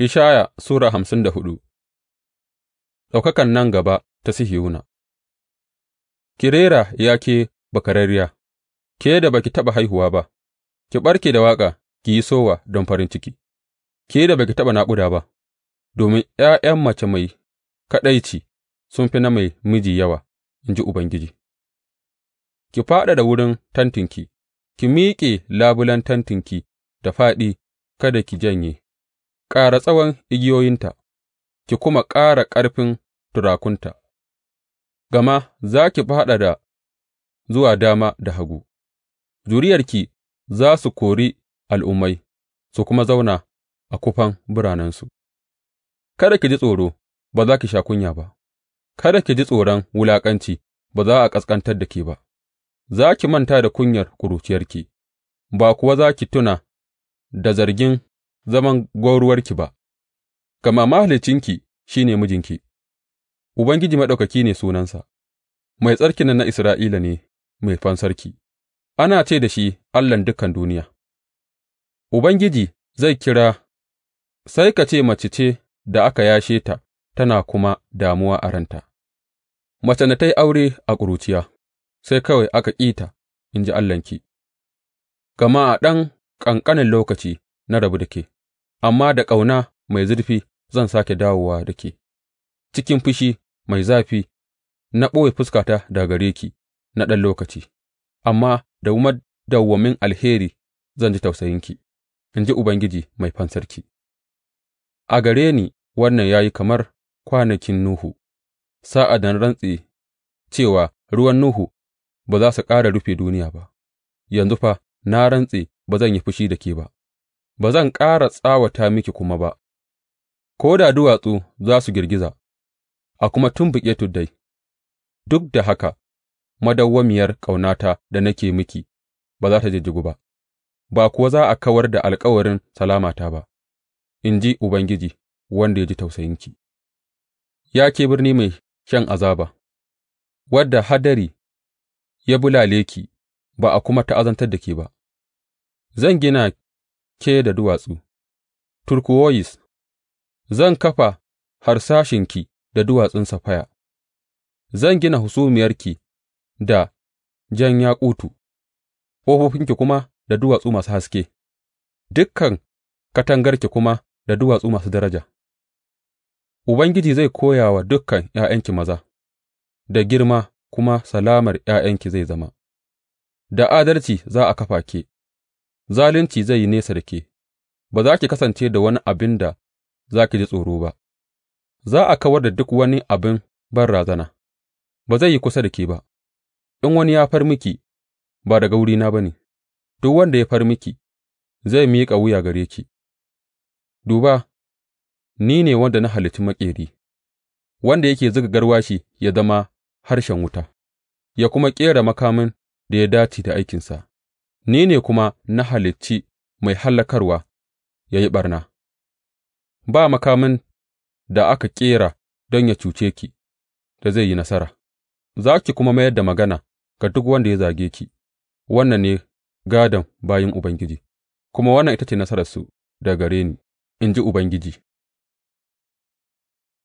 Ishaya Sura hamsin da hudu Ɗaukakan nan gaba ta Sihiyuna Ki rera, ya ke bakararriya, ke da ba ki taɓa haihuwa ba, ki ɓarke da waƙa ki yi sowa don farin ciki, ke da baki taɓa naƙuda ba, domin ’ya'yan mace mai kaɗaici sun fi na mai miji yawa, in ji Ubangiji. Ki da wurin tantinki, ki miƙe labulen tantinki da faɗi kada ki janye. Ƙara tsawon igiyoyinta ki kuma ƙara ƙarfin turakunta, gama za ki fadada zuwa dama da hagu; zuriyarki za su kori al'ummai su kuma zauna a kufan biranensu. Kada ki ji tsoro, ba za ki sha kunya ba; kada ki ji tsoron wulaƙanci, ba za a ƙasƙantar da ke ba; za ki manta da kunyar ƙuruciyarki ba kuwa za ki tuna da zargin. zaman gwauruwarki ba, gama Mahaliccinki shi ne mijinki, Ubangiji Maɗaukaki ne sunansa, Mai Tsarkin na Isra'ila ne mai fansarki; ana ce da shi Allahn dukan duniya, Ubangiji zai kira, sai ka ce mace ce da aka yashe ta tana kuma damuwa a ranta, mace na ta yi aure a ƙuruciya, sai kawai aka ƙi ta, in ji Allahnki, gama a ɗan ƙanƙanin lokaci. na rabu da ke, amma da ƙauna mai zurfi zan sāke dawowa da ke, cikin fushi mai zafi na ɓoye fuskata daga gare ki na ɗan lokaci, amma da madawwamin alheri zan ji tausayinki, in ji Ubangiji Mai Fansarki. A gare ni wannan ya yi kamar kwanakin Nuhu, sa'ad da na rantse cewa ruwan Nuhu ba za su ƙara rufe duniya ba, yanzu fa na rantse ba zan yi fushi da ke ba. ba zan ƙara tsawata miki kuma ba, ko da duwatsu za su girgiza a kuma tumɓuke tuddai, duk da haka madawwamiyar ƙaunata da nake miki ba za ta jijjigu ba, ba kuwa za a kawar da alkawarin salamata ba, in ji Ubangiji wanda ya ji tausayinki. Ya ke birni mai shan azaba, wadda hadari ya bulale ki ba a kuma ta'azantar da ke ba, zan gina ke da duwatsu, turkuwoyis, zan kafa harsashinki da duwatsun safaya zan gina husumiyarki da jan yakutu, ƙofofinki kuma da duwatsu masu haske, dukan katangarki kuma da duwatsu masu daraja. Ubangiji zai koya wa dukkan ’ya'yanki maza, da girma kuma salamar ’ya'yanki zai zama, da adalci za a kafa ke. zalunci zai yi nesa da ke, ba za ki kasance da wani abin da za ki ji tsoro ba, za a kawar da duk wani abin ban razana. ba zai yi kusa da ke ba, in wani ya far miki ba daga wurina ba ne, duk wanda ya far miki zai miƙa wuya gare ki, duba, ni ne wanda na halicci maƙeri, wanda yake zuga garwashi ya zama harshen wuta, ya kuma ƙera makamin da ya dace da aikinsa. ni ne kuma na halicci mai hallakarwa ya yi ɓarna, ba makamin da aka ƙera don ya cuce ki da zai yi nasara, za ki kuma mayar da magana ga duk wanda ya zage ki, wannan ne gādon bayin Ubangiji, kuma wannan ita ce nasararsu daga gare ni, in ji Ubangiji.